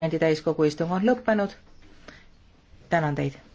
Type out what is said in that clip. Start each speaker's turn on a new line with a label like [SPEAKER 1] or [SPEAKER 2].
[SPEAKER 1] parlamendi täiskogu istung on lõppenud. tänan teid.